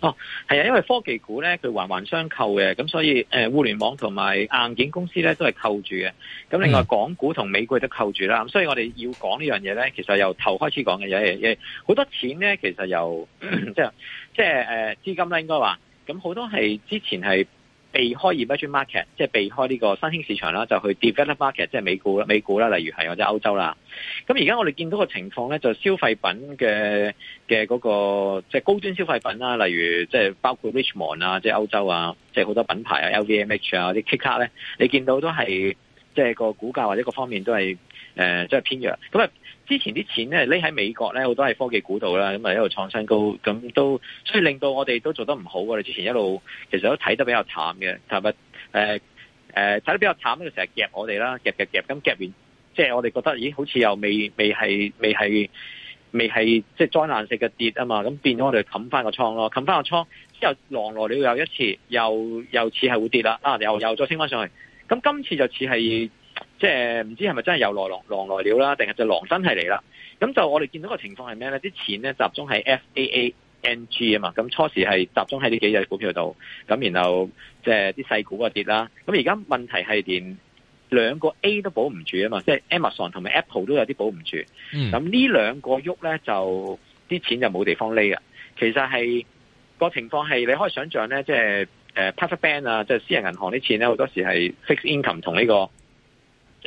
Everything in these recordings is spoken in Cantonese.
哦，係啊，因為科技股咧，佢環環相扣嘅，咁所以誒、呃，互聯網同埋硬件公司咧都係扣住嘅，咁另外港股同美國都扣住啦，咁所以我哋要講呢樣嘢咧，其實由頭開始講嘅嘢，好多錢咧，其實由、 就是呃、即係即係誒資金啦，應該話，咁好多係之前係。避開 emerging market，即係避開呢個新興市場啦，就去 develop market，即係美股啦、美股啦，例如係或者歐洲啦。咁而家我哋見到個情況咧，就消費品嘅嘅嗰個即係、就是、高端消費品啦，例如即、就是、包括 Richemont 啊，即係歐洲啊，即、就、好、是、多品牌啊，LVMH 啊，啲 K 卡咧，你見到都係即係個股價或者各方面都係。誒，即係、呃就是、偏弱。咁、嗯、啊，之前啲錢咧，匿喺美國咧，好多係科技股度啦。咁、嗯、啊，一路創新高，咁、嗯、都所以令到我哋都做得唔好。我哋之前一路其實都睇得比較淡嘅，係咪？誒、呃、睇、呃、得比較慘咧，就成日夾我哋啦，夾夾夾。咁夾，、嗯、夾完，即、就、係、是、我哋覺得，咦？好似又未未係未係未係即係災難性嘅跌啊嘛。咁、嗯、變咗我哋冚翻個倉咯，冚翻個倉之後，狼來了又一次，又又似係會跌啦。啊，又又再升翻上去。咁、嗯、今次就似係。即係唔知係咪真係又狼狼來了啦，定係隻狼真係嚟啦？咁就我哋見到個情況係咩咧？啲錢咧集中喺 F A A N G 啊嘛，咁初時係集中喺呢幾隻股票度，咁然後即係啲細股啊跌啦。咁而家問題係連兩個 A 都保唔住啊嘛，即、就、係、是、Amazon 同埋 Apple 都有啲保唔住。咁呢、嗯、兩個喐咧就啲錢就冇地方匿㗎。其實係、那個情況係你可以想象咧，即係 passive bank 啊，即、呃、係私人銀行啲錢咧，好多時係 fixed income 同呢、這個。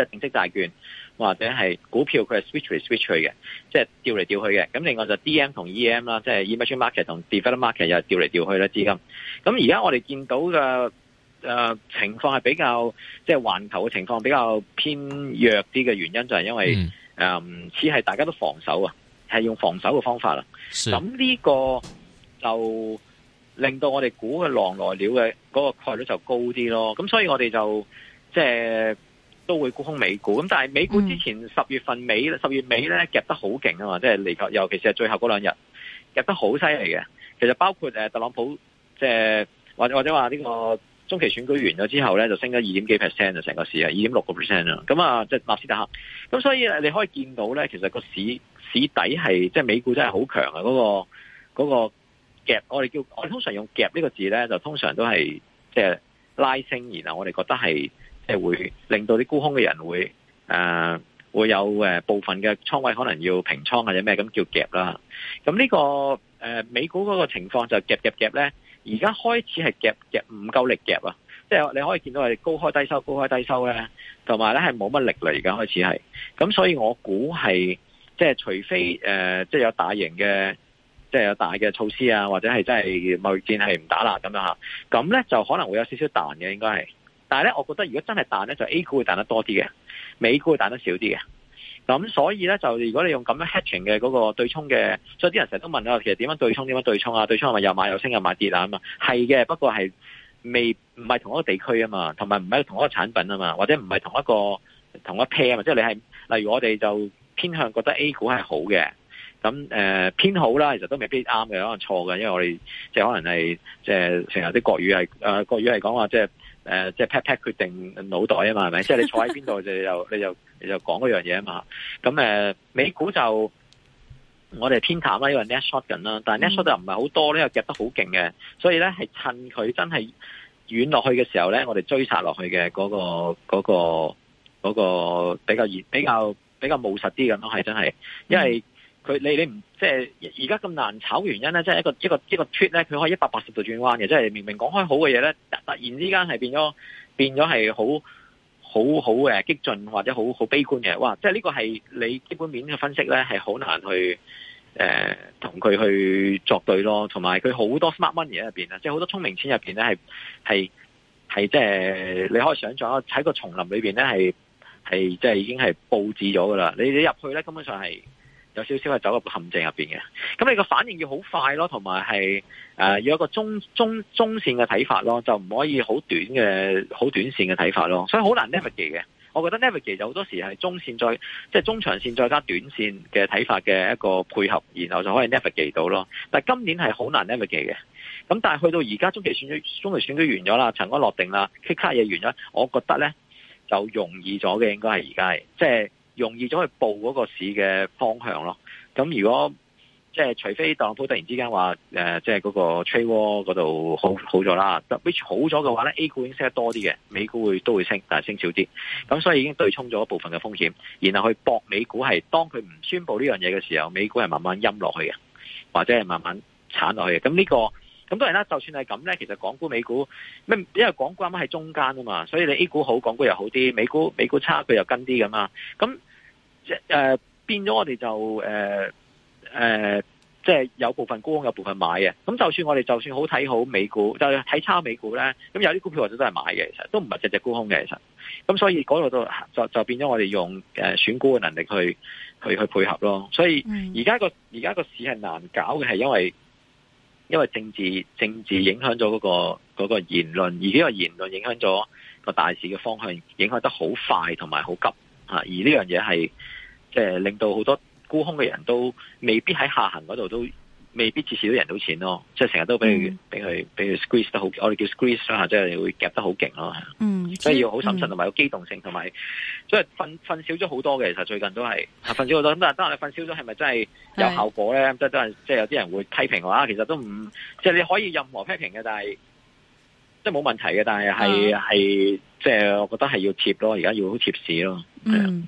即定息債券或者係股票，佢係 switch 嚟 switch 去嘅，即係調嚟調去嘅。咁另外就是 D M 同 E M 啦，即係 emerging market 同 develop market 又調嚟調去啦資金。咁而家我哋見到嘅誒、呃、情況係比較，即係環球嘅情況比較偏弱啲嘅原因就係因為誒似係大家都防守啊，係用防守嘅方法啦。咁呢個就令到我哋估嘅浪來料嘅嗰個概率就高啲咯。咁所以我哋就即係。都會沽空美股，咁但係美股之前十月份尾、嗯、十月尾咧，夾得好勁啊嘛，即係嚟尤其是係最後嗰兩日，夾得好犀利嘅。其實包括誒特朗普，即係或者或者話呢個中期選舉完咗之後咧，就升咗二點幾 percent 啊，成個市啊，二點六個 percent 啊，咁啊，即係納斯達克。咁所以你可以見到咧，其實個市市底係即係美股真係好強啊！嗰個嗰個夾，我哋叫我哋通常用夾呢個字咧，就通常都係即係拉升，然後我哋覺得係。即係會令到啲沽空嘅人會誒、呃、會有誒部分嘅倉位可能要平倉或者咩，咁叫夾啦。咁呢個誒、呃、美股嗰個情況就夾夾夾咧，而家開始係夾夾唔夠力夾啊！即係你可以見到係高開低收，高開低收咧，同埋咧係冇乜力啦。而家開始係咁，所以我估係即係除非誒即係有大型嘅即係有大嘅措施啊，或者係真係貿易戰係唔打啦咁樣吓，咁咧就可能會有少少彈嘅，應該係。但係咧，我覺得如果真係彈咧，就 A 股會彈得多啲嘅，美股會彈得少啲嘅。咁所以咧，就如果你用咁樣 hedging 嘅嗰個對沖嘅，所以啲人成日都問啊，其實點樣對沖？點樣對沖啊？對沖係咪又買又升又買跌啊？嘛係嘅，不過係未唔係同一個地區啊嘛，同埋唔係同一個產品啊嘛，或者唔係同一個同一 pair 啊嘛。即係你係例如我哋就偏向覺得 A 股係好嘅，咁誒、呃、偏好啦，其實都未必啱嘅，可能錯嘅，因為我哋即係可能係即係成日啲國語係誒、呃、國語係講話即係。誒、呃，即係 pat pat 決定腦袋啊嘛，係咪？ 即係你坐喺邊度就又你就你就講嗰樣嘢啊嘛。咁誒、呃，美股就我哋偏淡啦，因為 net short 緊啦，但係 net short 又唔係好多咧，又夾得好勁嘅，所以咧係趁佢真係軟落去嘅時候咧，我哋追殺落去嘅嗰個嗰個嗰個比較嚴、比較比較務實啲咁咯，係真係，因為。佢你你唔即係而家咁難炒原因咧，即係一個一個一個 turn 咧，佢可以一百八十度轉彎嘅，即係明明講開好嘅嘢咧，突然之間係變咗變咗係好好好誒激進或者好好悲觀嘅，哇！即係呢個係你基本面嘅分析咧，係好難去誒同佢去作對咯。同埋佢好多 smart money 入邊啊，即係好多聰明錢入邊咧，係係係即係你可以想象喺個叢林裏邊咧，係係即係已經係布置咗噶啦。你你入去咧，根本上係。有少少係走入陷阱入邊嘅，咁你個反應要好快咯，同埋係誒要一個中中中線嘅睇法咯，就唔可以好短嘅好短線嘅睇法咯，所以好難 navigate 嘅。我覺得 navigate 就好多時係中線再即係、就是、中長線再加短線嘅睇法嘅一個配合，然後就可以 navigate 到咯。但係今年係好難 navigate 嘅，咁但係去到而家中期選舉中期選舉完咗啦，塵埃落定啦，key 卡嘢完咗，我覺得咧就容易咗嘅，應該係而家，即係。容易咗去報嗰個市嘅方向咯。咁如果即係、就是、除非特朗普突然之間、呃就是、 話誒，即係嗰個吹 l 嗰度好好咗啦 w i c h 好咗嘅話咧，A 股已經升得多啲嘅，美股會都會升，但係升少啲。咁所以已經對沖咗一部分嘅風險，然後去搏美股係當佢唔宣布呢樣嘢嘅時候，美股係慢慢陰落去嘅，或者係慢慢鏟落去嘅。咁呢、這個咁當然啦，就算係咁咧，其實港股美股咩，因為港股啱啱喺中間啊嘛，所以你 A 股好，港股又好啲，美股美股差，佢又跟啲噶嘛，咁。即誒、呃，變咗我哋就誒誒、呃呃，即係有部分沽空，有部分買嘅。咁就算我哋就算好睇好美股，就睇差美股咧，咁有啲股票或者都係買嘅，其實都唔係只只沽空嘅。其實，咁所以嗰度就就變咗我哋用誒選股嘅能力去去去配合咯。所以而家個而家個市係難搞嘅，係因為因為政治政治影響咗嗰個、那個言論，而呢個言論影響咗個大市嘅方向，影響得好快同埋好急。啊！而呢樣嘢係即係令到好多沽空嘅人都未必喺下行嗰度都未必至少贏到錢咯，即係成日都俾佢俾佢俾佢 squeeze 得好，我哋叫 squeeze 啊，即係你會夾得好勁咯。嗯，所以要好審慎同埋有機動性同埋，即係瞓瞓少咗好多嘅，其實最近都係瞓少好多。咁但係當你瞓少咗係咪真係有效果咧？的即係都係即係有啲人會批評話，其實都唔即係你可以任何批評嘅，但係。即係冇問題嘅，但係係係，即係我覺得係要貼咯，而家要好貼市咯，係啊。嗯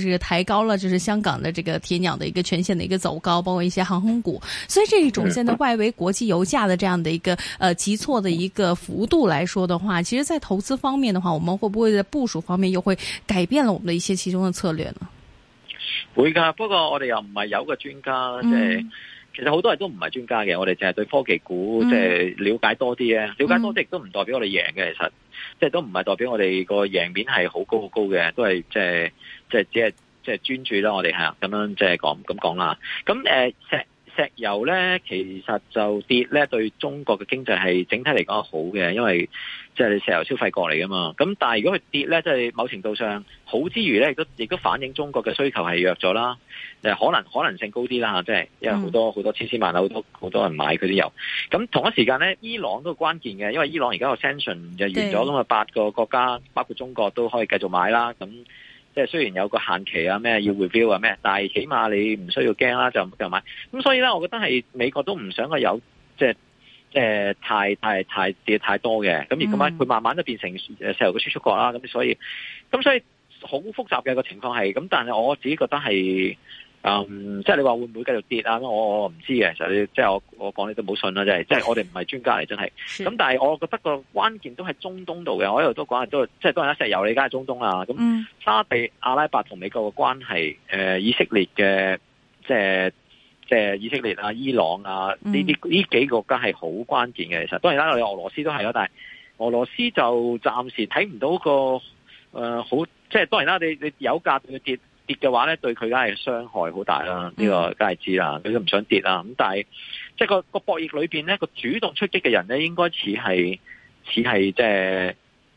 是抬高了，就是香港的這個鐵鳥的一個全線的一個走高，包括一些航空股。所以這一種現在外圍國際油價的這樣的一個呃急挫的一個幅度來說的話，其實在投資方面的話，我們會不會在部署方面又會改變了我們的一些其中的策略呢？會噶，不過我哋又唔係有個專家，即係、嗯就是、其實好多人都唔係專家嘅，我哋淨係對科技股即係、就是、了解多啲啊，嗯、了解多啲亦都唔代表我哋贏嘅，其實。即係都唔係代表我哋個贏面係好高好高嘅，都係即係即係只係即係專注啦。我哋係啊，咁樣，即係講咁講啦。咁誒。石油咧，其實就跌咧，對中國嘅經濟係整體嚟講係好嘅，因為即係石油消費國嚟噶嘛。咁但係如果佢跌咧，即係某程度上好之餘咧，亦都亦都反映中國嘅需求係弱咗啦。誒，可能可能性高啲啦，吓，即係因為好多好、嗯、多千絲萬縷、好多好多人買佢啲油。咁同一時間咧，伊朗都關鍵嘅，因為伊朗而家個 sanction 就完咗咁嘛，的八個國家包括中國都可以繼續買啦。咁。即係雖然有個限期啊，咩要 review 啊，咩，但係起碼你唔需要驚啦，就就買。咁所以咧，我覺得係美國都唔想佢有即係誒、呃、太太太跌太多嘅。咁而咁樣，佢慢慢都變成誒石油嘅輸出國啦。咁所以，咁所以好複雜嘅，個情況係咁。但係我自己覺得係。嗯，即係你話會唔會繼續跌啊？我我唔知嘅，其實你即係我我講你都冇信啦，係的，即係我哋唔係專家嚟，真係的。咁但係我覺得個關鍵都係中東度嘅，我一路都講，都即係當然一石油你梗係中東啊。咁、嗯、沙地、阿拉伯同美國嘅關係，誒、呃，以色列嘅，即係即係以色列啊、伊朗啊呢啲呢幾個國家係好關鍵嘅。其實當然啦，你俄羅斯都係啦，但係俄羅斯就暫時睇唔到個誒、呃、好，即、就、係、是、當然啦，你你有價就會跌。跌嘅話咧，對佢梗係傷害好大啦，呢個梗係知啦，佢都唔想跌啦。咁但係即係個個博弈裏邊咧，個主動出擊嘅人咧，應該似係似係即係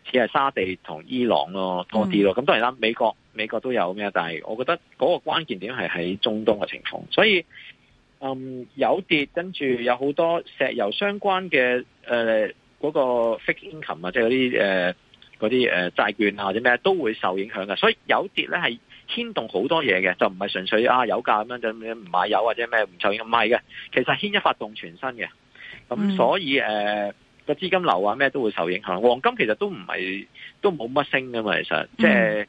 似係沙地同伊朗咯多啲咯。咁當然啦，美國美國都有咩？但係我覺得嗰個關鍵點係喺中東嘅情況，所以嗯，有跌，跟住有好多石油相關嘅誒嗰個 fixed income 啊，即係嗰啲誒啲誒債券啊，或者咩都會受影響嘅。所以有跌咧係。牽動好多嘢嘅，就唔係純粹啊油價咁樣就唔買油或者咩唔受影響，唔係嘅，其實牽一髮動全身嘅，咁所以誒個資金流啊咩都會受影響。黃金其實都唔係都冇乜升噶嘛，其實即係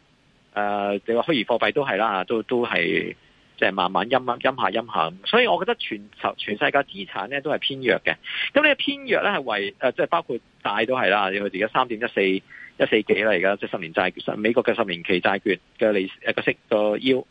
誒你話虛擬貨幣都係啦，都都係。即係慢慢陰陰陰下陰下咁，所以我覺得全球全世界資產咧都係偏弱嘅。咁呢個偏弱咧係為誒，即係包括大都係啦，你睇而家三點一四一四幾啦，而家即係十年債美國嘅十年期債券嘅利一個息個腰。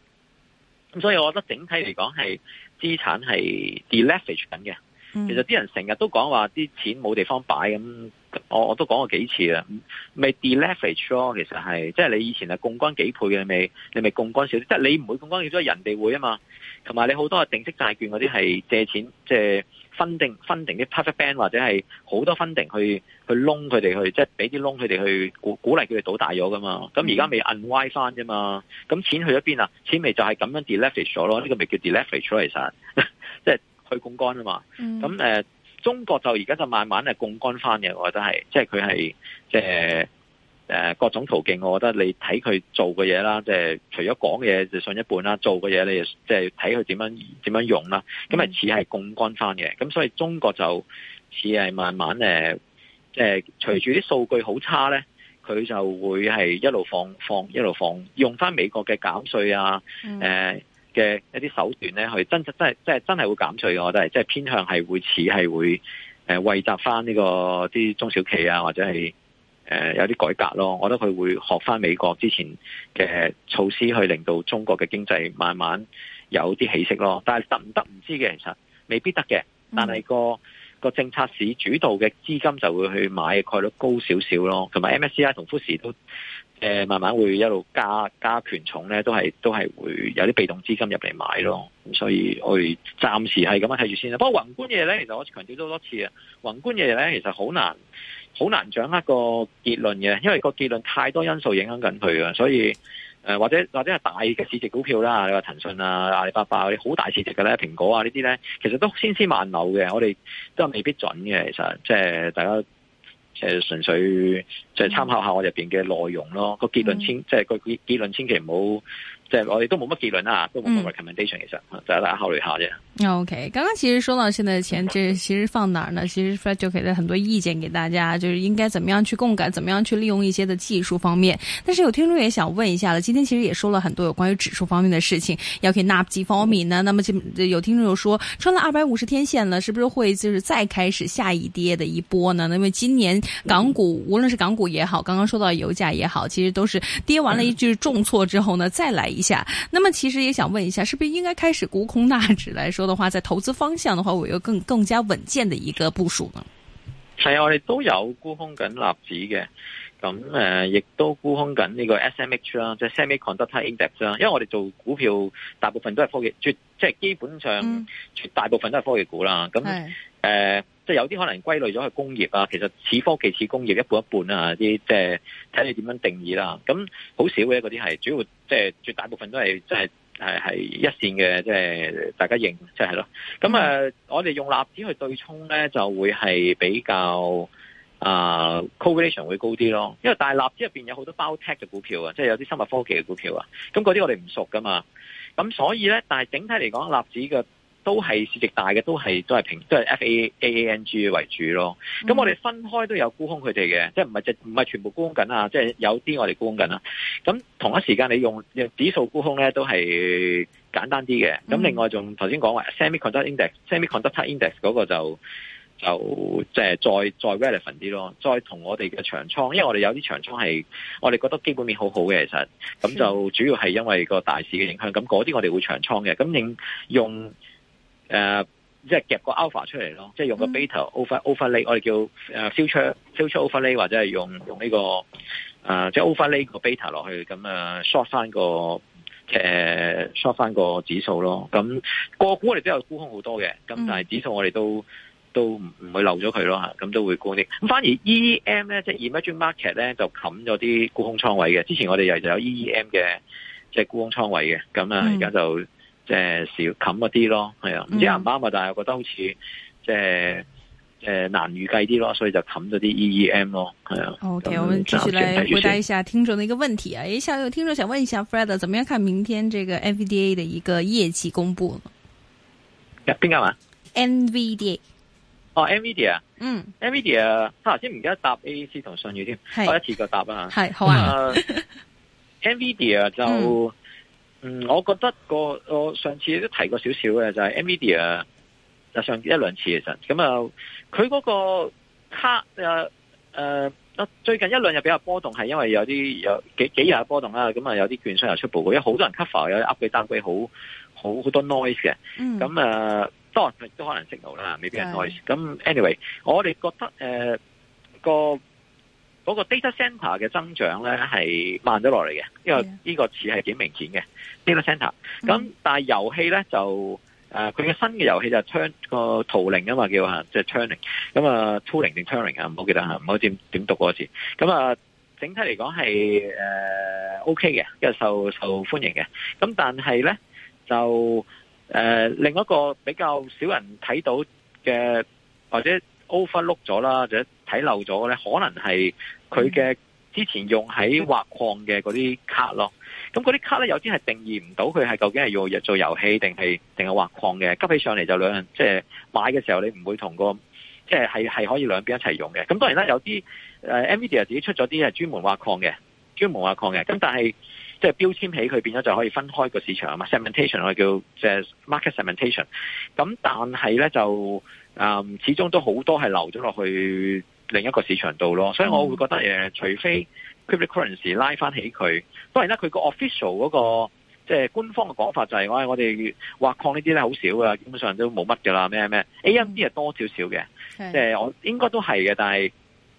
咁所以我覺得整體嚟講係資產係 deleverage 緊嘅。其實啲人成日都講話啲錢冇地方擺咁。我我都講過幾次啦，咪 deleverage 咯，其實係即係你以前係槓桿幾倍嘅，你咪你咪槓桿少啲，即係你唔會槓桿少咗，人哋會啊嘛。同埋你好多定息債券嗰啲係借錢，即係分定分定啲 perfect band 或者係好多分定去去窿佢哋去，即係俾啲窿佢哋去鼓鼓勵佢哋倒大咗噶嘛。咁而家咪 unwind 翻啫嘛。咁錢去咗邊啊？錢咪就係咁樣 deleverage 咗咯。呢、呢個咪叫 deleverage 咯，其實即係去槓桿啊嘛。咁中國就而家就慢慢係槓桿翻嘅，我覺得係，即係佢係即係誒各種途徑，我覺得你睇佢做嘅嘢啦，即係除咗講嘢就信一半啦，做嘅嘢你就即係睇佢點樣點樣用啦，咁係似係槓桿翻嘅，咁所以中國就似係慢慢誒，即係隨住啲數據好差咧，佢就會係一路放放一路放，用翻美國嘅減稅啊，嗯嘅一啲手段咧，去真真真真真係會減稅嘅，我覺得係，即係偏向係會似係會誒惠及翻呢個啲中小企啊，或者係誒、呃、有啲改革咯。我覺得佢會學翻美國之前嘅措施，去令到中國嘅經濟慢慢有啲起色咯。但係得唔得唔知嘅，其實未必得嘅。但係、那個個、嗯、政策市主導嘅資金就會去買，概率高少少咯。同埋 MSCI 同富時都。誒，慢慢會一路加加權重咧，都係都係會有啲被動資金入嚟買咯。咁所以我哋暫時係咁樣睇住先啦。不過宏觀嘢咧，其實我強調咗好多次啊，宏觀嘢咧其實好難好難掌握個結論嘅，因為個結論太多因素影響緊佢啊。所以誒、呃，或者或者係大嘅市值股票啦，你話騰訊啊、阿里巴巴，嗰啲好大市值嘅咧，蘋果啊呢啲咧，其實都千絲萬縷嘅，我哋都係未必準嘅。其實即係大家。誒，純純粹就係、嗯，就係參考下我入邊嘅內容咯。個結論千，即係個結論，千祈唔好。即係我哋都冇乜結論啦，都冇乜 recommendation，其實、嗯、大家考慮下啫。O、okay, K，剛剛其實說到現在的錢，這、就是、其實放哪呢？其實 Fred 就給咗很多意見給大家，就是應該怎麼樣去共感，怎麼樣去利用一些的技術方面。但是有聽眾也想問一下啦，今天其實也說了很多有關於指數方面的事情，要可以納指方米呢？那麼有聽眾又說，穿了二百五十天線呢，是不是會就是再開始下一跌的一波呢？因為今年港股、嗯、無論是港股也好，剛剛說到油價也好，其實都是跌完了一句重挫之後呢，再來。一下，那麼其實也想問一下，是不是應該開始沽空納指來說的話，在投資方向的話，我有更更加穩健的一個部署呢？係啊，我哋都有沽空緊納指嘅，咁誒，亦、呃、都沽空緊呢個 S M H 啦，即、就、係、是、semiconductor index 啦，因為我哋做股票大部分都係科技，絕即係基本上絕大部分都係科技股啦，咁誒。即係有啲可能歸類咗去工業啊，其實似科技似工業一半一半啊。啲即係睇你點樣定義啦、啊。咁好少嘅嗰啲係主要，即係絕大部分都係即係係係一線嘅，即、就、係、是、大家認即係咯。咁、就是呃、我哋用納指去對沖咧，就會係比較啊、呃、correlation 會高啲咯。因為大納指入面有好多包 tech 嘅股票啊，即、就、係、是、有啲生物科技嘅股票啊。咁嗰啲我哋唔熟噶嘛。咁所以咧，但係整體嚟講，納指嘅。都係市值大嘅，都係都係平都係 FAANG 為主咯。咁、mm. 我哋分開都有沽空佢哋嘅，即係唔係即唔係全部沽空緊啊！即係有啲我哋沽空緊啊，咁同一時間你用指數沽空咧，都係簡單啲嘅。咁另外仲頭先講話 semi、mm. conductor index、mm.、semi conductor index 嗰個就就即係再再 relevant 啲咯。再同我哋嘅長倉，因為我哋有啲長倉係我哋覺得基本面好好嘅，其實咁就主要係因為個大市嘅影響。咁嗰啲我哋會長倉嘅。咁用用。誒，即係、uh, 夾個 alpha 出嚟咯，即、就、係、是、用個 beta over overlay，、嗯、我哋叫誒 future、uh, future overlay 或者係用用呢、這個誒，即、uh, 係 overlay 個 beta 落去，咁啊、uh, short 翻個誒、uh, short 翻個指數咯。咁個股我哋都有沽空好多嘅，咁但係指數我哋都都唔會漏咗佢咯嚇，咁都會沽啲。咁反而 E E M 咧，即係 Emerging Market 咧，就冚咗啲沽空倉位嘅。之前我哋又就有 E M 嘅即係、就是、沽空倉位嘅，咁啊而家就。嗯即係少冚一啲咯，係啊、嗯，唔知啱唔啱啊，但係我覺得好似即係即係難預計啲咯，所以就冚咗啲 EEM 咯，係啊。OK，我哋繼續嚟回答一下聽眾的一個問題啊！誒，下有聽眾想問一下 Fred，、啊、怎麼樣看明天這個 NVDA 嘅一個業績公布呢？邊間啊？Nvidia？哦，Nvidia？嗯，Nvidia？哈，先唔記得答 A A C 同信宇添，我是、哦、一次過答啦，係好啊。Nvidia 就。嗯嗯，我覺得個我上次都提過少少嘅，就係、是、Nvidia 就上一兩次其實咁啊，佢、嗯、嗰個卡誒啊、嗯嗯，最近一兩日比較波動，係因為有啲有幾幾日嘅波動啦，咁、嗯、啊、嗯嗯、有啲券商又出報告，有好多人 cover 有 upgrade downgrade 好好好多 noise 嘅，咁啊當然亦都可能係 signal 啦未必係 noise 的。咁、嗯、anyway 我哋覺得誒、嗯、個。嗰個 data center 嘅增長咧係慢咗落嚟嘅，因為呢個似係幾明顯嘅 Yeah. data center，咁但係遊戲咧就誒，佢、呃、嘅新嘅遊戲就係槍個圖靈啊嘛，叫、就是、啊，即係圖靈。咁啊，t 圖靈定圖靈啊，唔好記得嚇，唔、啊、好點點讀嗰字。咁啊，整體嚟講係誒 OK 嘅，因為受受歡迎嘅。咁但係咧就誒、呃、另一個比較少人睇到嘅或者。overlook 咗啦，或者睇漏咗咧，可能係佢嘅之前用喺挖礦嘅嗰啲卡咯。咁嗰啲卡咧有啲係定義唔到佢係究竟係要做遊戲定係定係挖礦嘅。急起上嚟就兩樣即係買嘅時候你，你唔會同個即係係係可以兩邊一齊用嘅。咁當然啦，有啲誒，Nvidia 自己出咗啲係專門挖礦嘅，專門挖礦嘅。咁但係即係標籤起佢變咗就可以分開個市場啊嘛。Segmentation 我哋叫即係 market segmentation。咁但係咧就。嗯，始終都好多係流咗落去另一個市場度咯，所以我會覺得誒，除非 cryptocurrency 拉翻起佢，當然啦，佢個 official 嗰個即係官方嘅講法就係我我哋挖礦呢啲咧好少㗎，基本上都冇乜㗎啦，咩咩 AMD 係多少少嘅，即係我應該都係嘅，但係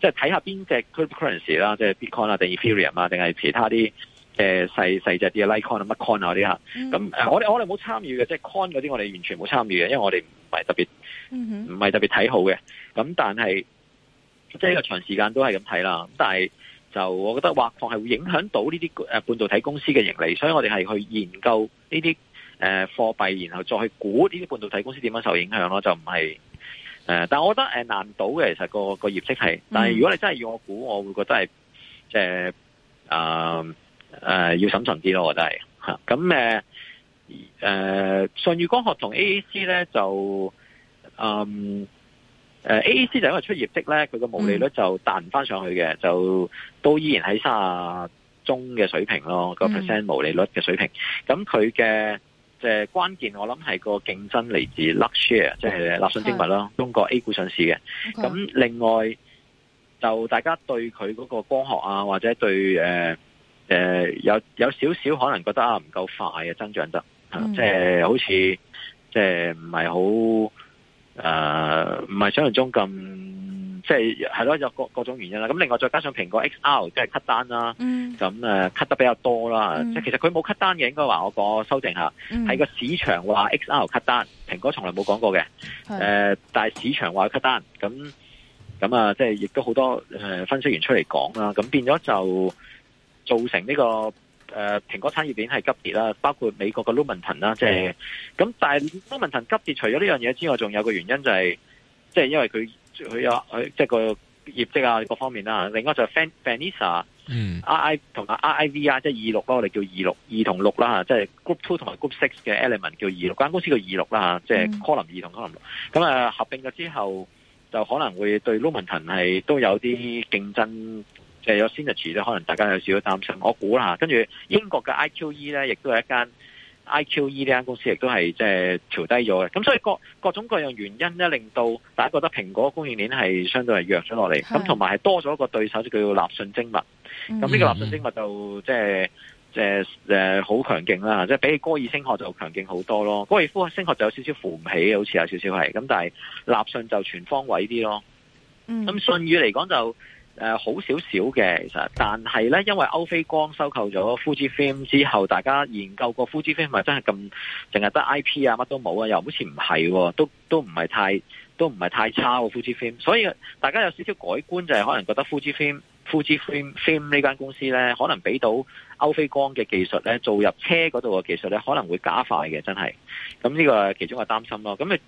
即係睇下邊隻 cryptocurrency 啦，即係 Bitcoin 啊，定 Ethereum 啊，定係其他啲。誒，細細隻啲嘅 Litecoin 啊，乜 coin 啊嗰啲吓，咁、hmm. 誒、嗯，我哋我哋冇參與嘅，即係 coin 嗰啲，我哋、就是、完全冇參與嘅，因為我哋唔係特別，唔係、mm hmm. 特別睇好嘅。咁、嗯、但係，即、就、係、是、個長時間都係咁睇啦。咁但係，就我覺得挖礦係會影響到呢啲誒半導體公司嘅盈利，所以我哋係去研究呢啲誒貨幣，然後再去估呢啲半導體公司點樣受影響咯。就唔係誒，但係我覺得誒、呃、難倒嘅，其實個個業績係。但係如果你真係要我估，我會覺得係誒。呃呃誒、呃，要審慎啲咯，我覺得係吓。咁、啊、誒，誒、啊，信譽光學同 AAC 咧就，嗯，誒、啊、，AAC 就因為出業績咧，佢個毛利率就彈翻上去嘅，嗯、就都依然喺卅中嘅水平咯，個 percent 毛利率嘅水平。咁佢嘅即係關鍵、嗯，我諗係個競爭嚟自 Luxshare，即係立訊精密咯，的中國 A 股上市嘅。咁 Okay 另外就大家對佢嗰個光學啊，或者對誒。呃誒、呃，有有少少可能覺得啊，唔夠快嘅增長得，即係、嗯啊就是、好似即係唔係好誒，唔、就、係、是呃、想象中咁，即係係咯，有各各種原因啦。咁另外再加上蘋果 X R 即係 cut 單啦、嗯，咁誒、啊、cut 得比較多啦。即係、嗯、其實佢冇 cut 單嘅，應該話我個修正下，係、嗯、個市場話 X R cut 單，蘋果從來冇講過嘅。誒，但係市場話 cut 單，咁咁啊，即係亦都好多誒、呃、分析員出嚟講啦，咁變咗就。造成呢、這個誒、呃、蘋果產業鏈係急跌啦，包括美國嘅 Lumentum 啦、就是，即係咁。但係 Lumentum 急跌，除咗呢樣嘢之外，仲有個原因就係、是，即、就、係、是、因為佢佢有佢即係個業績啊各方面啦。另外就係 f a n Vanessa，嗯、mm.，RI 同埋 RIVR 即係二六啦，我哋叫二六二同六啦嚇，即、就、係、是、Group Two 同埋 Group Six 嘅 Element 叫二六，間公司叫二六啦嚇，即係 Column 二同 Column 六。咁啊合併咗之後，就可能會對 Lumentum 係都有啲競爭。即係有 s e n 咧，可能大家有少少擔心。我估啦，跟住英國嘅 IQE 咧，亦都係一間 IQE 呢間公司，亦都係即係調低咗嘅。咁所以各各種各樣原因咧，令到大家覺得蘋果供應鏈係相對係弱咗落嚟。咁同埋係多咗一個對手，就叫做立訊精密。咁呢、嗯、個立訊精密就即係即係誒，好強勁啦，即係比起歌爾聲學就強勁好多咯。歌爾夫聲學就有少少扶唔起，好似有少少係。咁但係立訊就全方位啲咯。咁、嗯、信譽嚟講就。誒、呃，好少少嘅其實，但係咧，因為歐菲光收購咗富之 film 之後，大家研究過富之 film 係真係咁淨係得 I P 啊，乜都冇啊，又好似唔係，都都唔係太都唔係太差喎富之 film。所以大家有少少改觀，就係可能覺得富之 film 富之 film film 呢間公司咧，可能俾到歐菲光嘅技術咧，做入車嗰度嘅技術咧，可能會加快嘅，真係。咁呢個其中一個擔心咯。咁咪，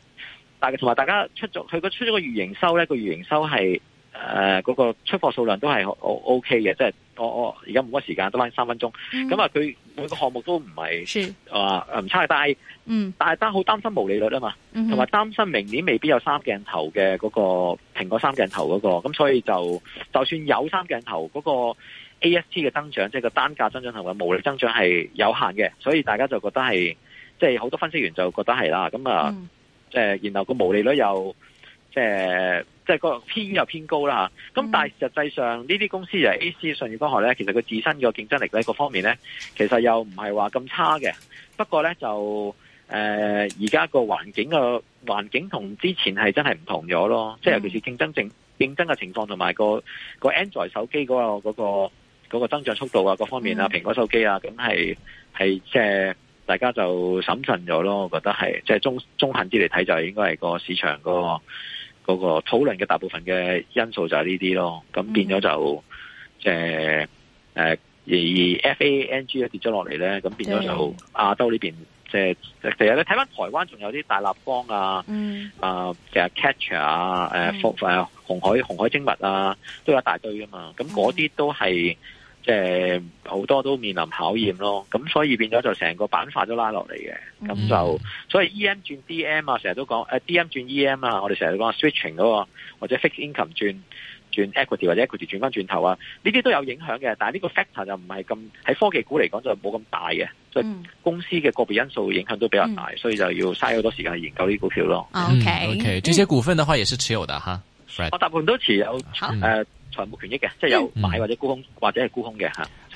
但係同埋大家出咗佢個出咗個預營收咧，個預營收係。誒，嗰、呃那個出貨數量都係 O K 嘅，即係我我而家冇乜時間，得翻三分鐘。咁啊，佢每個項目都唔係話唔差，但係，嗯、mm，大家好擔心毛利率啊嘛，同埋擔心明年未必有三鏡頭嘅嗰個蘋果三鏡頭嗰、那個。咁所以就就算有三鏡頭嗰個 A S P 嘅增長，即係個單價增長同埋毛利增長係有限嘅，所以大家就覺得係，即係好多分析員就覺得係啦。咁啊，即係、mm hmm. 然後個毛利率又即係。就是即係個 PE 又偏高啦，咁、嗯、但係實際上呢啲公司，嗯、就係是 A.C. 信義科學咧，其實佢自身個競爭力咧，各方面咧，其實又唔係話咁差嘅。不過咧，就誒而家個環境個環境同之前係真係唔同咗咯。即係、嗯、尤其是競爭性競爭嘅情況同埋、那個個 Android 手機嗰、那個嗰、那個那個增長速度啊，各方面啊，嗯、蘋果手機啊，梗係係即係大家就審慎咗咯。我覺得係即係中中肯啲嚟睇就應該係個市場個。嗯嗰個討論嘅大部分嘅因素就係呢啲咯，咁變咗就，即誒、mm hmm. 呃，而而 FANG 咧跌咗落嚟咧，咁變咗就亞洲呢邊，即係成日咧睇翻台灣，仲有啲大立方啊，mm hmm. 啊其實 Catcher 啊，誒科誒鴻海鴻海精密啊，都有一大堆㗎嘛，咁嗰啲都係。Mm hmm. 即係好、呃、多都面臨考驗咯，咁所以變咗就成個板塊都拉落嚟嘅，咁就、嗯、所以 E M 轉 D M 啊，成日都講誒、呃、D M 轉 E M 啊，我哋成日都講 switching 嗰個或者 fixed income 轉轉 equity 或者 equity 轉翻轉頭啊，呢啲都有影響嘅，但係呢個 factor 就唔係咁喺科技股嚟講就冇咁大嘅，即係公司嘅個別因素影響都比較大，嗯、所以就要嘥好多時間去研究啲股票咯。嗯、OK，OK，okay，嗯、這些股份的話也是持有的哈，我大部分都持有誒。嗯冇權益嘅，即係有買或者沽空或者係沽空嘅